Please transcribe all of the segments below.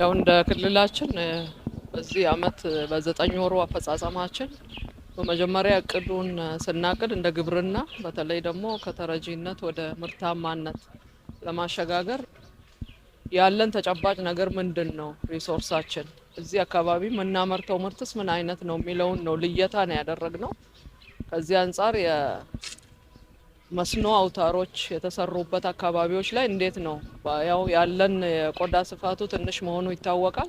ያው እንደ ክልላችን በዚህ አመት በዘጠኝ ወሩ አፈጻጸማችን በመጀመሪያ እቅዱን ስናቅድ እንደ ግብርና በተለይ ደግሞ ከተረጂነት ወደ ምርታማነት ለማሸጋገር ያለን ተጨባጭ ነገር ምንድን ነው፣ ሪሶርሳችን እዚህ አካባቢ የምናመርተው ምርትስ ምን አይነት ነው የሚለውን ነው ልየታ ነው ያደረግነው። ከዚህ አንጻር መስኖ አውታሮች የተሰሩበት አካባቢዎች ላይ እንዴት ነው? ያው ያለን የቆዳ ስፋቱ ትንሽ መሆኑ ይታወቃል።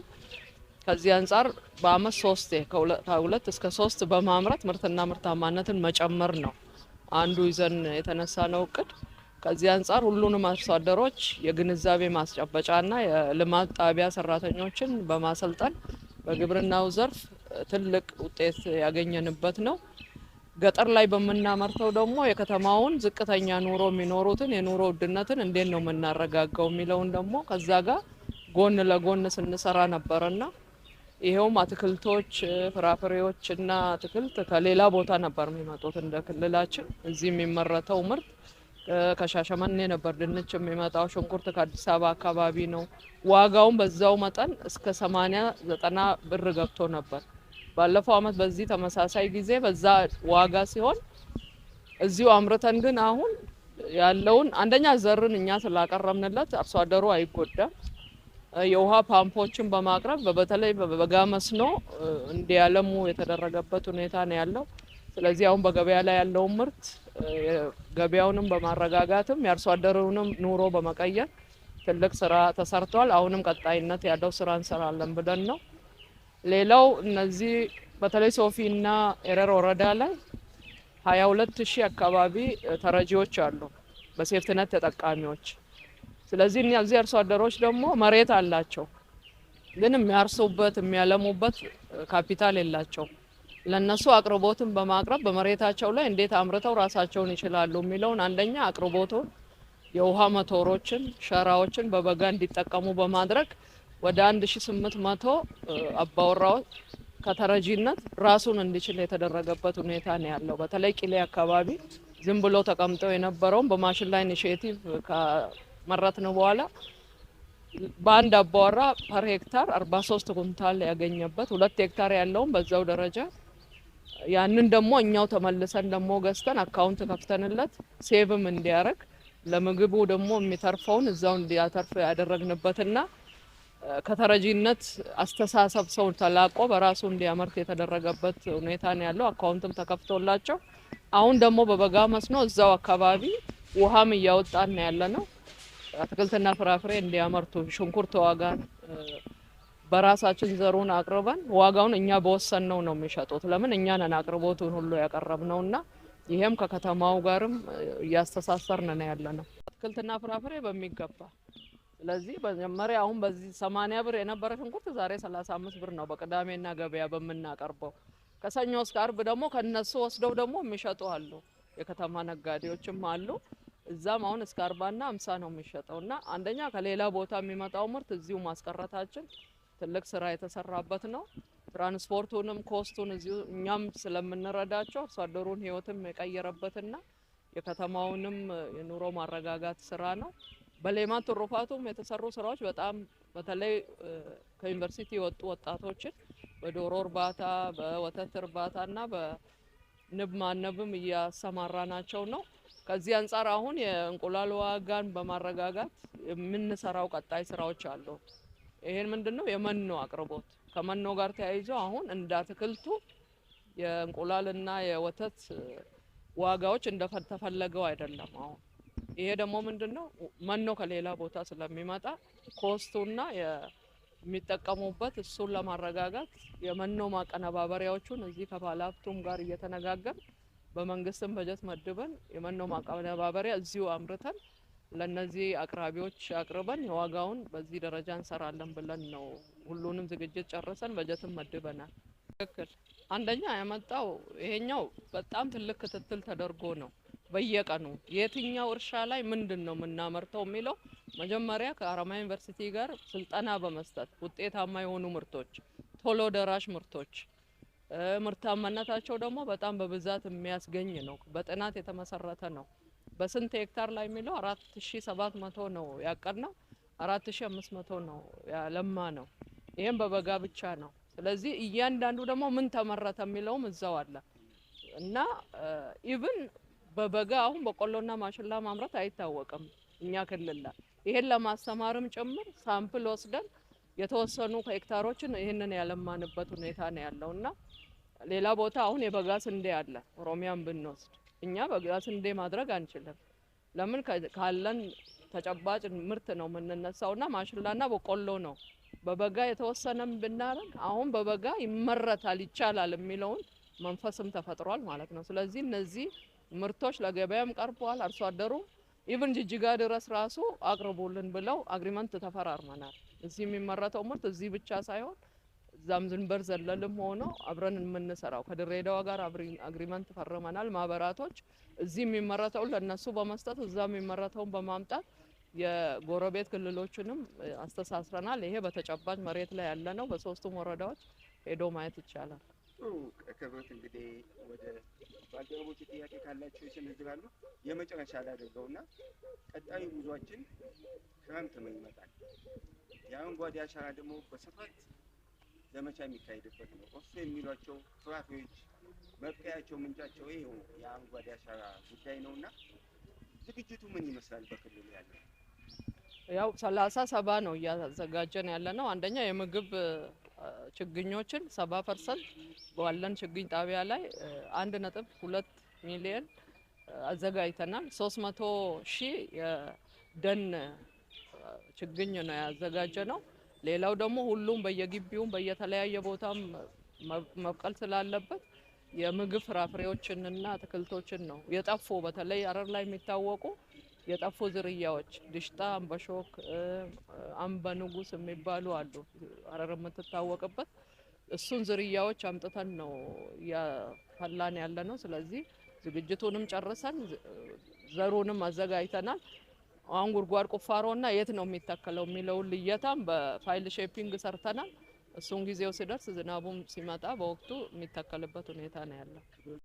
ከዚህ አንጻር በአመት ሶስቴ ከሁለት እስከ ሶስት በማምረት ምርትና ምርታማነትን መጨመር ነው አንዱ ይዘን የተነሳ ነው እቅድ። ከዚህ አንጻር ሁሉንም አርሶ አደሮች የግንዛቤ ማስጨበጫና የልማት ጣቢያ ሰራተኞችን በማሰልጠን በግብርናው ዘርፍ ትልቅ ውጤት ያገኘንበት ነው። ገጠር ላይ በምናመርተው ደግሞ የከተማውን ዝቅተኛ ኑሮ የሚኖሩትን የኑሮ ውድነትን እንዴት ነው የምናረጋጋው የሚለውን ደግሞ ከዛ ጋር ጎን ለጎን ስንሰራ ነበርና ይኸውም አትክልቶች፣ ፍራፍሬዎች እና አትክልት ከሌላ ቦታ ነበር የሚመጡት እንደ ክልላችን። እዚህ የሚመረተው ምርት ከሻሸመኔ ነበር፣ ድንች የሚመጣው ሽንኩርት ከአዲስ አበባ አካባቢ ነው። ዋጋውን በዛው መጠን እስከ ሰማንያ ዘጠና ብር ገብቶ ነበር። ባለፈው አመት በዚህ ተመሳሳይ ጊዜ በዛ ዋጋ ሲሆን እዚሁ አምርተን ግን አሁን ያለውን አንደኛ ዘርን እኛ ስላቀረብንለት አርሶ አደሩ አይጎዳም። የውሃ ፓምፖችን በማቅረብ በተለይ በበጋ መስኖ እንዲያለሙ የተደረገበት ሁኔታ ነው ያለው። ስለዚህ አሁን በገበያ ላይ ያለውን ምርት ገበያውንም በማረጋጋትም የአርሶ አደሩንም ኑሮ በመቀየር ትልቅ ስራ ተሰርቷል። አሁንም ቀጣይነት ያለው ስራ እንሰራለን ብለን ነው ሌላው እነዚህ በተለይ ሶፊ እና ኤረር ወረዳ ላይ ሀያ ሁለት ሺህ አካባቢ ተረጂዎች አሉ በሴፍትነት ተጠቃሚዎች። ስለዚህ እነዚህ አርሶ አደሮች ደግሞ መሬት አላቸው፣ ግን የሚያርሱበት የሚያለሙበት ካፒታል የላቸው። ለነሱ አቅርቦትን በማቅረብ በመሬታቸው ላይ እንዴት አምርተው ራሳቸውን ይችላሉ የሚለውን አንደኛ አቅርቦቱን የውሃ መቶሮችን፣ ሸራዎችን በበጋ እንዲጠቀሙ በማድረግ ወደ 1800 አባወራው ከተረጂነት ራሱን እንዲችል የተደረገበት ሁኔታ ነው ያለው። በተለይ ቂሌ አካባቢ ዝም ብሎ ተቀምጠው የነበረውን በማሽን ላይ ኢኒሽቲቭ ከመረት ነው በኋላ በአንድ አባወራ ፐር ሄክታር 43 ኩንታል ያገኘበት ሁለት ሄክታር ያለውን በዛው ደረጃ ያንን ደግሞ እኛው ተመልሰን ደግሞ ገዝተን አካውንት ከፍተንለት ሴቭም እንዲያደርግ ለምግቡ ደግሞ የሚተርፈውን እዛው እንዲያተርፍ ያደረግንበትና ከተረጂነት አስተሳሰብ ሰው ተላቆ በራሱ እንዲያመርት የተደረገበት ሁኔታ ነው ያለው። አካውንትም ተከፍቶላቸው አሁን ደግሞ በበጋ መስኖ እዛው አካባቢ ውሃም እያወጣን ያለ ነው። አትክልትና ፍራፍሬ እንዲያመርቱ ሽንኩርት ዋጋን በራሳችን ዘሩን አቅርበን ዋጋውን እኛ በወሰን ነው የሚሸጡት። ለምን እኛ ነን አቅርቦቱን ሁሉ ያቀረብነውና ይሄም ከከተማው ጋርም እያስተሳሰርን ነው ያለ ነው። አትክልትና ፍራፍሬ በሚገባ ስለዚህ መጀመሪያ አሁን በዚህ 80 ብር የነበረ ሽንኩርት ዛሬ 35 ብር ነው በቅዳሜና ገበያ በምናቀርበው። ከሰኞ እስከ አርብ ደግሞ ከነሱ ወስደው ደግሞ የሚሸጡ አሉ፣ የከተማ ነጋዴዎችም አሉ። እዛም አሁን እስከ 40ና 50 ነው የሚሸጠው እና አንደኛ ከሌላ ቦታ የሚመጣው ምርት እዚሁ ማስቀረታችን ትልቅ ስራ የተሰራበት ነው። ትራንስፖርቱንም ኮስቱን እዚሁ እኛም ስለምንረዳቸው አርሶ አደሩን ህይወትም የቀየረበትና የከተማውንም የኑሮ ማረጋጋት ስራ ነው። በሌማት ትሩፋቱም የተሰሩ ስራዎች በጣም በተለይ ከዩኒቨርሲቲ የወጡ ወጣቶችን በዶሮ እርባታ፣ በወተት እርባታ እና በንብ ማነብም እያሰማራናቸው ነው። ከዚህ አንጻር አሁን የእንቁላል ዋጋን በማረጋጋት የምንሰራው ቀጣይ ስራዎች አሉ። ይሄን ምንድነው የመኖ አቅርቦት ከመኖ ጋር ተያይዞ አሁን እንደ አትክልቱ የእንቁላልና የወተት ዋጋዎች እንደተፈለገው አይደለም አሁን ይሄ ደግሞ ምንድን ነው መኖ ከሌላ ቦታ ስለሚመጣ ኮስቱና የሚጠቀሙበት እሱን ለማረጋጋት የመኖ ማቀነባበሪያዎቹን እዚህ ከባለሀብቱም ጋር እየተነጋገር በመንግስትም በጀት መድበን የመኖ ማቀነባበሪያ እዚሁ አምርተን ለነዚህ አቅራቢዎች አቅርበን የዋጋውን በዚህ ደረጃ እንሰራለን ብለን ነው። ሁሉንም ዝግጅት ጨርሰን በጀትም መድበናል። ትክክል አንደኛ ያመጣው ይሄኛው በጣም ትልቅ ክትትል ተደርጎ ነው በየቀኑ የትኛው እርሻ ላይ ምንድን ነው የምናመርተው የሚለው መጀመሪያ ከአረማ ዩኒቨርሲቲ ጋር ስልጠና በመስጠት ውጤታማ የሆኑ ምርቶች፣ ቶሎ ደራሽ ምርቶች ምርታማነታቸው ደግሞ በጣም በብዛት የሚያስገኝ ነው። በጥናት የተመሰረተ ነው። በስንት ሄክታር ላይ የሚለው መቶ ነው አምስት መቶ ነው ያለማ ነው። ይህም በበጋ ብቻ ነው። ስለዚህ እያንዳንዱ ደግሞ ምን ተመረተ የሚለውም እዛው አለ እና ኢቭን በበጋ አሁን በቆሎና ማሽላ ማምረት አይታወቅም እኛ ክልል ላይ። ይሄን ለማስተማርም ጭምር ሳምፕል ወስደን የተወሰኑ ሄክታሮችን ይህንን ያለማንበት ሁኔታ ነው ያለው እና ሌላ ቦታ አሁን የበጋ ስንዴ አለ። ኦሮሚያን ብንወስድ እኛ በጋ ስንዴ ማድረግ አንችልም። ለምን ካለን ተጨባጭ ምርት ነው የምንነሳው እና ማሽላና በቆሎ ነው በበጋ የተወሰነም ብናረግ አሁን በበጋ ይመረታል ይቻላል የሚለውን መንፈስም ተፈጥሯል ማለት ነው። ስለዚህ እነዚህ ምርቶች ለገበያም ቀርበዋል። አርሶ አደሩ ኢቭን ጅጅጋ ድረስ ራሱ አቅርቡልን ብለው አግሪመንት ተፈራርመናል። እዚህ የሚመረተው ምርት እዚህ ብቻ ሳይሆን እዛም ዝንበር ዘለልም ሆኖ አብረን የምንሰራው ከድሬዳዋ ጋር አግሪመንት ፈርመናል። ማህበራቶች እዚህ የሚመረተውን ለነሱ በመስጠት እዛ የሚመረተውን በማምጣት የጎረቤት ክልሎችንም አስተሳስረናል። ይሄ በተጨባጭ መሬት ላይ ያለ ነው። በሶስቱም ወረዳዎች ሄዶ ማየት ይቻላል። ጥሩ ክብሮት፣ እንግዲህ ወደ ባልደረቦች ጥያቄ ካላቸው ይሰነዝራሉ። የመጨረሻ ላደርገው እና ቀጣዩ ጉዟችን ክረምት ምን ይመጣል። የአረንጓዴ አሻራ ደግሞ በስፋት ዘመቻ የሚካሄድበት ነው። እሱ የሚሏቸው ፍራፍሬዎች መብቀያቸው፣ ምንጫቸው ይኸው የአረንጓዴ አሻራ ጉዳይ ነው እና ዝግጅቱ ምን ይመስላል በክልሉ ያለው? ያው ሰላሳ ሰባ ነው እያዘጋጀን ያለ ነው። አንደኛ የምግብ ችግኞችን ሰባ ፐርሰንት ባለን ችግኝ ጣቢያ ላይ አንድ ነጥብ ሁለት ሚሊየን አዘጋጅተናል። ሶስት መቶ ሺህ የደን ችግኝ ነው ያዘጋጀ ነው። ሌላው ደግሞ ሁሉም በየግቢውም በየተለያየ ቦታም መብቀል ስላለበት የምግብ ፍራፍሬዎችንና አትክልቶችን ነው የጠፉ በተለይ አረር ላይ የሚታወቁ የጠፉ ዝርያዎች ድሽጣ፣ አምበሾክ፣ አምበ ንጉስ የሚባሉ አሉ። ሀረር የምትታወቅበት እሱን ዝርያዎች አምጥተን ነው እያፈላን ያለ ነው። ስለዚህ ዝግጅቱንም ጨርሰን ዘሩንም አዘጋጅተናል። አሁን ጉድጓድ ቁፋሮና የት ነው የሚተከለው የሚለውን ልየታም በፋይል ሼፒንግ ሰርተናል። እሱን ጊዜው ሲደርስ ዝናቡም ሲመጣ በወቅቱ የሚተከልበት ሁኔታ ነው ያለው።